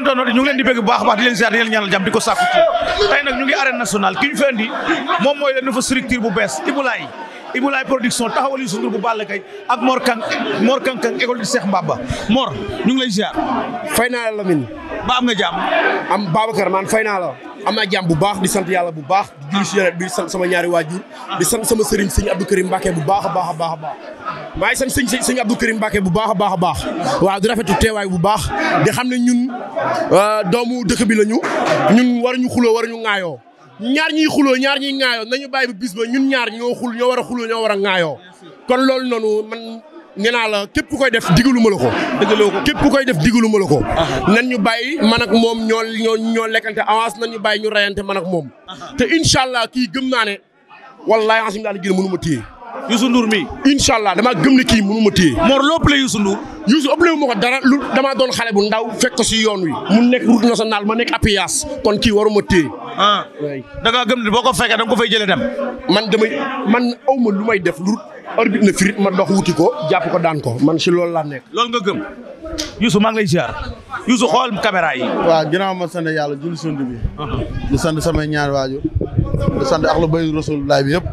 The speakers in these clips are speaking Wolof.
mbokki internet ñu ngi leen di bëgg bu baax a baax di leen ziar di leen ñaanal jàmm di ko sàkku ci tey nag ñu ngi arène nationale ki ñu moom mooy leen dafa structure bu bees i Ibulaay Ibulaay production taxawal yu sundur bu Balla Gaye ak moor Kang Mor Kang Kang école di Cheikh Mbaba Mor ñu ngi lay ziar fay naa la Lamine ba am nga jàmm am Babacar man fay naa la am naa jàmm bu baax di sant yàlla bu baax di julli si yàlla di sant sama ñaari waajur di sant sama sëriñ sëñ Abdou Karim Mbacke bu baax a baax a baax a waaye sañ sëñ sëñ Abdou Karim Mbacke bu baax a baax a baax waaw di rafetu teewaay bu baax di xam ne ñun euh, doomu dëkk bi lañu ñun waruñu xuloo ñu ŋaayoo ñaar ñi xuloo ñaar ñiy na ñu bàyyi ba bis ba ñun ñaar ñoo xul ñoo war a xuloo ñoo war a ŋaayoo kon loolu noonu man nee naa la képp ku koy def digaluma la ko. digaloo képp ku koy def digaluma la ko. nan ñu bàyyi man ak moom ñoo ñoo ñoo lekkante avance nan ñu bàyyi ñu rayante man ak moom. te incha allah kii gëm naa ne wallaahi asim daal di gën mënu Youssou Ndour mii. incha allah damaa gëm ne kii mënu ma téye. Mor loo ëppale Youssou Ndour. Youssou ëppale wu ma ko dara damaa doon xale bu ndaw fekk si yoon wi. mu nekk route nationale ma nekk Apias kon kii waruma téye. ah da ngaa gëm ne boo ko fekkee da nga fay jëlee dem. man damay man aw ma lu may def lu arbitre na firit ma dox wuti ko jàpp ko daan ko man si loolu laa nekk. loolu nga gëm. Youssou maa ngi lay ziar. Youssou xool caméra yi. waaw ginnaaw ma sant yàlla julli sund bi. Uh-huh. di sant samay ñaari waajur di sant ak lu bay rasul laay bi yëpp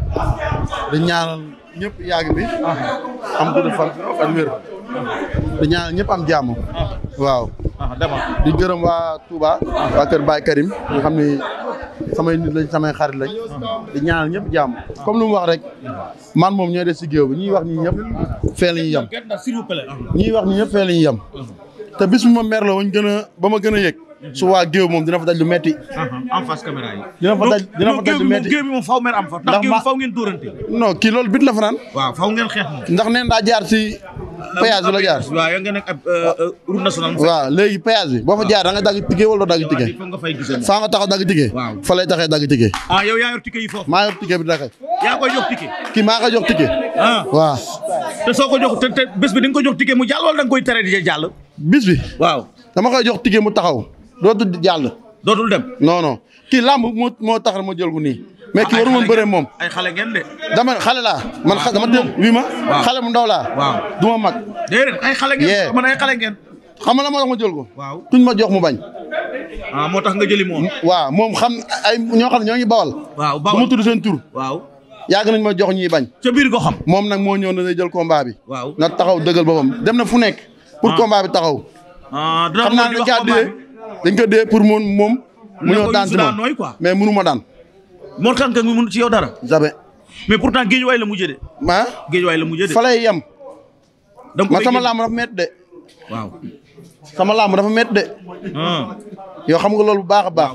di ñaanal ñëpp yàgg bi am gudd fan ak wér di ñaan ñëpp am jàmm waaw ah, di gërëm waa Touba waa kër Baye Karim nga xam ni samay nit lañ samay xarit lañ di ñaanal ñëpp jàmm comme lu mu wax rek man moom ñooy des si géew bi ñuy wax ñi ñëpp fee la ñuy yem ñuy wax ñi ñëpp fee la te bis bu ma merloo wañ gën a ba ma gën a yëg Mhm. su waa géew moom dina fa daj lu metti uh-huh. en face caméra yi. dina fa daj dina fa daj lu metti géew bi moom faw mer am fa. ndax géew bi faw ngeen dóorante. non kii loolu bit la fanaan. waaw faw ngeen xeex moom. ndax neen daa jaar si euh, péage bi la jaar. waaw yaa ngi nekk ab euh, euh, route nationale. léegi péage bi boo fa jaar da nga dagg ticket wala doo dagg ticket. faa nga taxaw dagg ticket. fa lay taxee dagg ticket. Ah, maa yor ticket bi dagg. koy ah. soo ko jox te bés bi di nga ko jox ticket mu jàll wala da koy tere di jàll. bis bi. waaw dama koy jox ticket mu taxaw dootul jàll. dootul dem non non kii làmb moo moo tax moo jël ko nii. mais ki waru woon bëree moom ay xale ngeen dama xale laa man xa dama dégg wii ma. xale mu ndaw laa. waaw du mag. déedéet ay xale ngeen man ay xale ngeen. xam nga la moo tax ma jël ko. waaw tuñ ma jox mu bañ. Ah, moo tax nga jëli moom. waaw moom xam ay ñoo xam ne ñoo bawal. waaw bawal bu ma tudd seen tur. waaw. yàgg nañ ma jox ñuy bañ. ca biir ko xam. moom nag moo ñëw na day jël combat bi. waaw na taxaw dëggal boppam dem na fu nekk. pour ah. combat bi taxaw. ah dina xam naa ne dañ ko dee pour moom moom. mu ñëw daan ci moom mais mënu ma daan. Mor Kang Kang mi mënu ci yow dara. jamais. mais pourtant géej waay la mujjee de. ah géej waay la mujjee de. fa lay yem. donc man sama làmb dafa métti de. dafa métti de. Ah. yoo xam nga loolu bu baax a baax.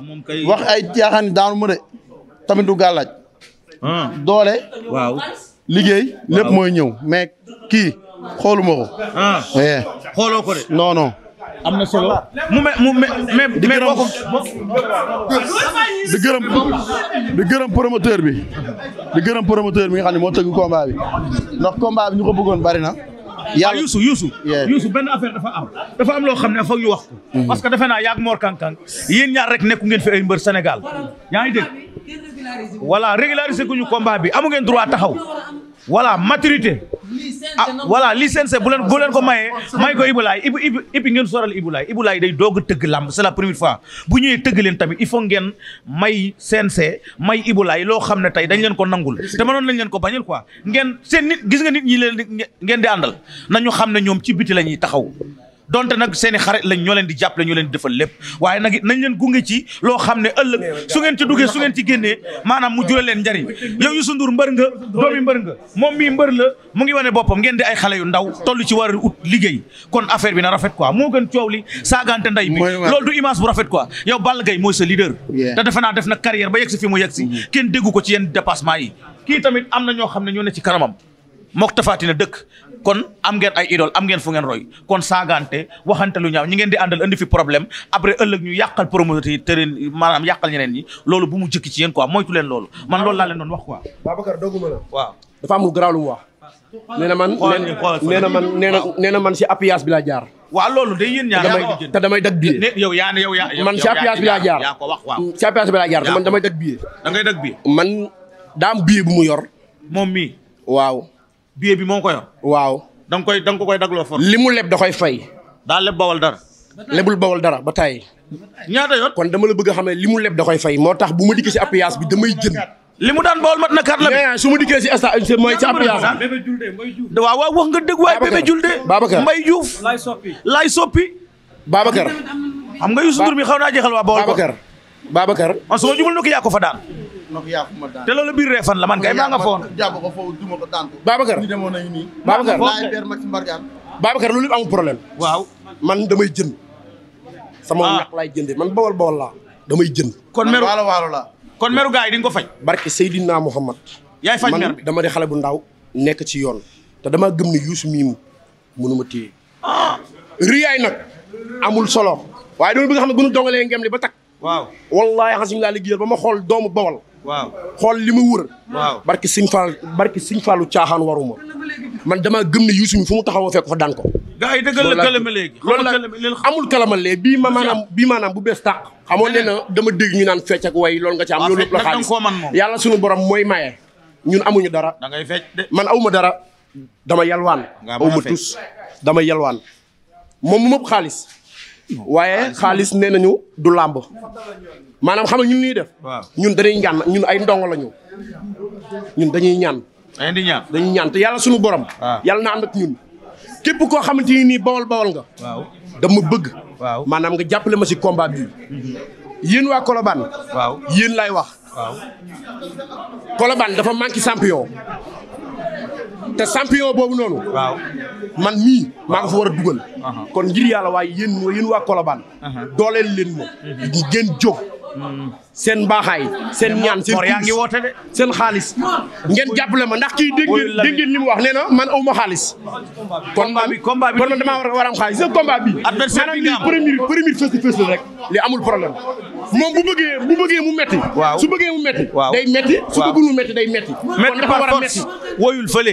wax ay jaaxaan daanu ma de. tamit du gàllaaj. Ah. doole. waaw liggéey. lépp mooy ñëw mais kii xooluma ko. Ah. xooloo ko de. non am na solo mu me mu me mais di gërëm di gërëm di gërëm promoteur bi di gërëm promoteur bi nga xam ne moo tëgg combat bi ndax combat bi ñu ko bëggoon bari na. Ah, yàlla Youssou Youssou Youssou benn affaire dafa am dafa am loo xam ne foog ñu wax ko. Mm. parce que defe naa yàgg moor Kang Kang yéen ñaar rek nekku ngeen fi ay mbër Sénégal yaa ngi dégg. voilà régulariser guñu combat bi amu ngeen droit taxaw voilà maturité ah voilà licence bu leen bu leen ko mayee may ko Ibulaay Ibu Ibu Ibu ngeen soral Ibulaay Ibulaay day doog a tëgg làmb c'est la première fois bu ñëwee tëgg leen tamit il faut ngeen may CNC may Ibulaay loo xam ne tey dañ leen ko nangul te mënoon nañ leen ko bañul quoi ngeen seen nit gis nga nit ñi ngeen di àndal nañu xam ne ñoom ci biti la ñuy taxaw donte nag seen i xarit lañ ñoo leen di jàppale ñoo leen di defal lépp waaye nag nañ leen gunge ci loo xam ne ëllëg su ngeen ci duggee su ngeen ci génnee maanaam mu jure leen njariñ yow Youssou Ndour mbër nga doomi nga moom mii mbër la mu ngi wane boppam ngeen di ay xale yu ndaw toll ci war a ut liggéey kon affaire bi na rafet ko moo gën coow li saagante nday bi loolu du image bu rafet quoi yow Balla Gaye mooy sa leader te defe naa def na carrière ba yegsi fi mu yegsi mm-hmm. kenn ko ci yenn dépassement yi kii am na ñoo xam ne ñoo ne ci kanamam mook tafaati na dëkk kon am ngeen ay idole am ngeen fu ngeen roy kon saagante waxante lu ñaaw ñi ngeen di àndal indi fi problème après ëllëg ñu yàqal promoteur yi tëreen maanaam yàqal ñeneen ñi loolu bu mu jëkki ci yéen quoi moytu leen loolu man loolu laa leen doon wax quoi dafa am lu garaaw lu man nee man nee na nee si appuyage bi la jaar waaw loolu day yéen ñaar te damay dag biir yow yaa ne yow yaa man si appuyage bi laa jaar yaa ko wax waaw si appuyage bi laa jaar man damay dag biir da ngay dag biir man daa am biir bii bi moo ko yor. waaw da koy da nga ko koy dagloo for. li mu leb da koy fay. daa leb bawal dara. lebul bawal dara ba tàyyi. ñaata yoon kon dama la bëgg xam ne li mu leb da fay moo tax bu ma dikkee si appuyage bi damay jënd. li mu daan bool mat na kàr la su ma dikkee si instant mooy si appuyage bi. waaw waaw wax nga dëgg waaye bébé julde. Babacar Mbaye Diouf. laay soppi laay soppi. Babacar. xam nga Youssou Ndour mi xaw naa jeexal waa Baol. Babacar Babacar. man su ma jubal na ko yaa fa daan. te loolu biir reefan la man kay maa nga foon. jàpp ko foofu duma ko daan ko. Babacar ñu demoon nañu nii. Babacar laay père Maxime Bargane. Babacar loolu amul problème. waaw man damay jënd. sama ah. ñax laay jëndee man bawol bawol laa. damay jënd. kon meru waalo waalo laa. kon meru gars yi di ko faj. barke Seydina Mouhamad. yaay faj mer bi man dama di xale bu ndaw. nekk ci yoon te dama gëm ne Youssou mii mënuma téye. riyaay nag amul solo. waaye dama bëgg xam ne bu ñu dongalee ngem li ba tak waaw wallaahi xasim ngaa liggéeyal ba ma xool doomu bawol waaw xool li ma wër. waaw barki Sëñ Fall barki Sëñ Fallu caaxaan waruma man dama gëm ne Youssou mi fu mu taxaw taxawoo fekk fa daan ko. gars yi dëggal la kalamalee gi loolu la amul kalamalee bii ma maanaam bii maanaam bu bees tàq. xamoon ne na dama dégg ñu naan fecc ak way lool nga ci am. loolu lépp la xaalis yàlla sunu borom mooy maye. ñun amuñu dara. da ngay fecc de man awma dara. dama yalwaan. awma tus dama yalwaan. moom mu xaalis. waaye xaalis nee nañu du làmb maanaam xam nga ñun ñuy def. ñun dañuy ñaan ñun ay ndongo lañu ñun dañuy ñaan. dañuy dañuy ñaan te yàlla suñu borom. yàlla na ànd ak ñun. képp koo xamante ni nii bawol bawol nga. waaw dama bëgg. waaw maanaam nga jàppale ma si combat bi. yéen waa kolobaan waaw yéen laay wax. waaw Colobane dafa manqué champion. te sampiyo boobu noonu. waaw man mii maa ko war a dugal. kon ngir yàlla waaye yéen yéen waa Colobane. dooleel leen ma. Mhm. jóg. seen mbaaxaay seen ñaan seen yaa ngi woote de seen xaalis ngeen jàppale ma ndax kii dégg ngeen dégg ngeen li mu wax nee na man aw ma xaalis kon kon man damaa war a war am xaalis sa combat bi maanaam lii premier premier face to li amul problème moom bu mu metti waaw su bëggee metti day metti su bëggul mu day metti kon dafa war a metti woyul fële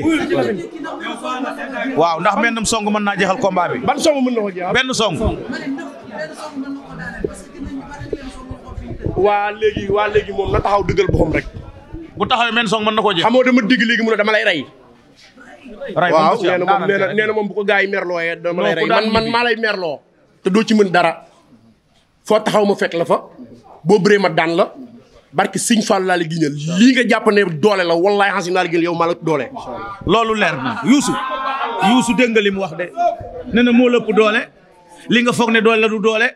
waaw ndax benn song mën naa jeexal combat bi ban song mën na ko jeexal benn song waa léegi waa léegi moom na taxaw dëggal boppam rek. bu taxawee men song man na ko jël. xamoo dama digg léegi mu ne dama lay rey. rey waaw nee na moom nee moom bu ko gars yi merlooyee dama lay rey man man maa lay merloo. doo ci mën dara foo taxaw ma fekk la fa boo bëree ma daan la barke Sëñ Fall laa la giñal lii nga jàpp ne doole la wallaahi xasim laa la giñal yow maa la doole. loolu leer na Youssou Youssou dégg nga li mu wax de nee na moo lëpp doole li nga foog ne doole la du doole.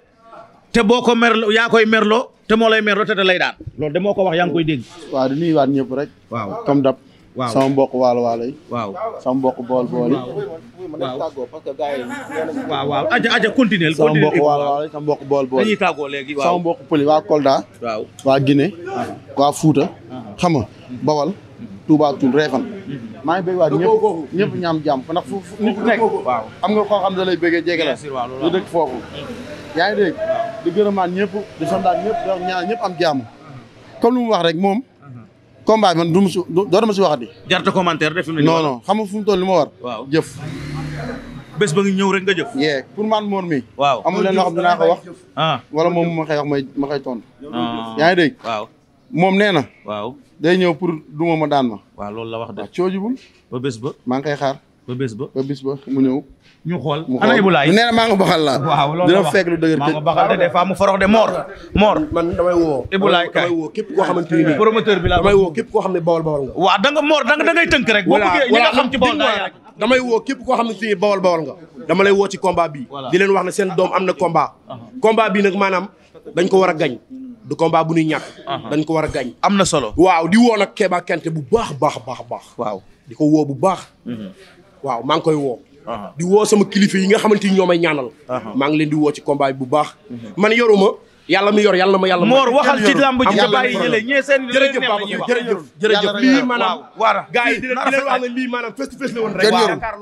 te boo ko merloo yaa koy merloo te moo lay merloo te da lay daan loolu de moo ko wax yaa ngi koy dégg. waaw di nuyuwaat ñëpp rek. waaw dab. sama mbokk waalo waalo yi. sama mbokk bool bool sama mbokk pëli waa Kolda. waa Guinée. waa Fouta. xam Bawal. Touba Toul Réfan. maa ngi bëgg ñëpp ñëpp ñaam jàmm ndax fu nit nekk. di gërëmaat ñëpp di santaat ñëpp di wax ñaan ñëpp am jàmm comme lu mu wax rek moom combat bi man du ma si doo ma si waxati. jarta commentaire def na. non xam nga fu mu toll li ma war. waaw jëf. bés ba nga ñëw rek nga jëf. yee pour man moor mi. waaw amul leen loo xam dinaa ko wax. Ah. wala moom ma koy wax may ma koy tontu. Ah. yaa ngi dégg. moom nee na. waaw day ñëw pour duma ma daan ma. waaw loolu la wax de. waaw coojubul ba maa ngi koy xaar. ba bés ba ba bés ba mu ñëw. ñu xool ana Ibulaay nee na maa baxal la wax dina fekk lu dëgër. maa ngi baxal de des fois mu farox de Mor. Mor man damay woo. Ibulaay kay damay woo képp koo xamante ni. promoteur bi laa damay woo képp koo xam ne bawal bawal nga. waaw tënk rek. boo bëggee ñi nga xam ci bawal nga nga. dama lay woo ci combat bi. di leen wax ne seen doom am na combat. Uh-huh. combat bi nag maanaam dañ ko war a gañ. du combat bu ñuy ñàkk. Uh-huh. dañ ko war a gañ. am na solo. waaw di woo nag Kéba Kanté bu baax baax baax baax. waaw di ko woo bu baax. Mm-hmm. waaw maa ngi koy woo. Uh-huh. di woo sama kilifa yi nga xamante ni ñoo may ñaanal. Uh-huh. maa ngi leen di woo ci combat bu baax. Mm-hmm. man yoruma yàlla mi yor yàlla ma ma moor waxal ci làmb ji nga bàyyi jëlee ñee seen jërëjëf Papa jërëjëf jërëjëf lii maanaam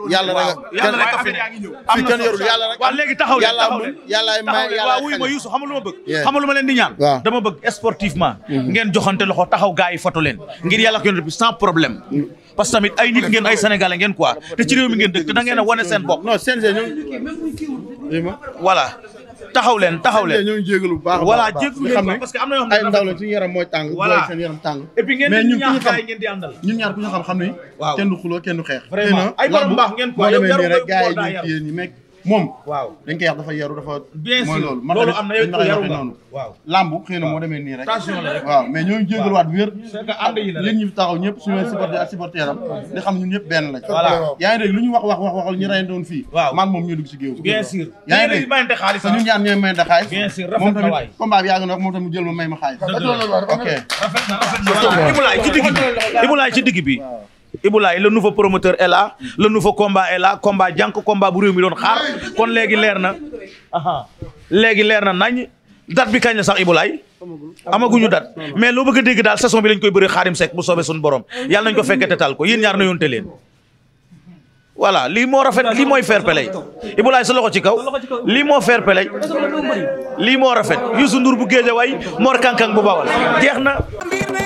la woon rek taxaw yàlla may yàlla waaw wuy ma Youssou xam lu ma bëgg xam lu ma leen di ñaan dama bëgg sportivement mm-hmm. ngeen joxante loxo taxaw gars yi foto leen mm-hmm. ngir yàlla ko yonent bi sans problème parce que tamit ay nit ngeen ay sénégalais ngeen quoi te ci réew mi ngeen dëkk da ngeen wane seen bopp non taxaw leen taxaw leen ñoo ngi jégalu bu baax voilà jégalu xam ne ay ndaw la suñu yaram mooy tàng voilà seen yaram tàng et puis ñaar ku ñu xam xam ni kenn du xuloo kenn du xeex vraiment ay borom baax ngeen quoi rek gaay yi ñu yéen ñi nekk moom. waaw dañ wax dafa yaru dafa. bien sûr loolu am na yaru noonu. waaw làmb xëy na moo demee nii rek. waaw mais ñooñu jégaluwaat wér. c'est que ànd taxaw ñëpp suñu supporter ak xam ñun ñëpp benn lañ. voilà yaa lu ñu wax wax wax waxal ñu reyandoon fii. waaw man moom ñu dugg si géew. bien sûr yaa ngi dégg te ñun ñaar ñooy moom tamit combat bi yàgg na wax moom tamit jël ma may ma xaalis. ok digg bi Iboulaye le nouveau promoteur est là le nouveau combat est là combat jànk combat bu réew mi doon xaar kon léegi leer na aha léegi leer na nañ date bi kañ la sax Iboulaye amaguñu date mais loo bëgg a dégg daal saison bi lañ koy bëri Xaadim Seck bu soobee suñu borom yàlla nañ ko fekkee te taal ko yéen ñaar na yoonte leen voilà lii moo rafet lii mooy fair play Iboulaye sa loxo ci kaw lii moo fair play lii moo rafet Youssou Ndour bu Géejawaay Mor Kankang bu Bawal jeex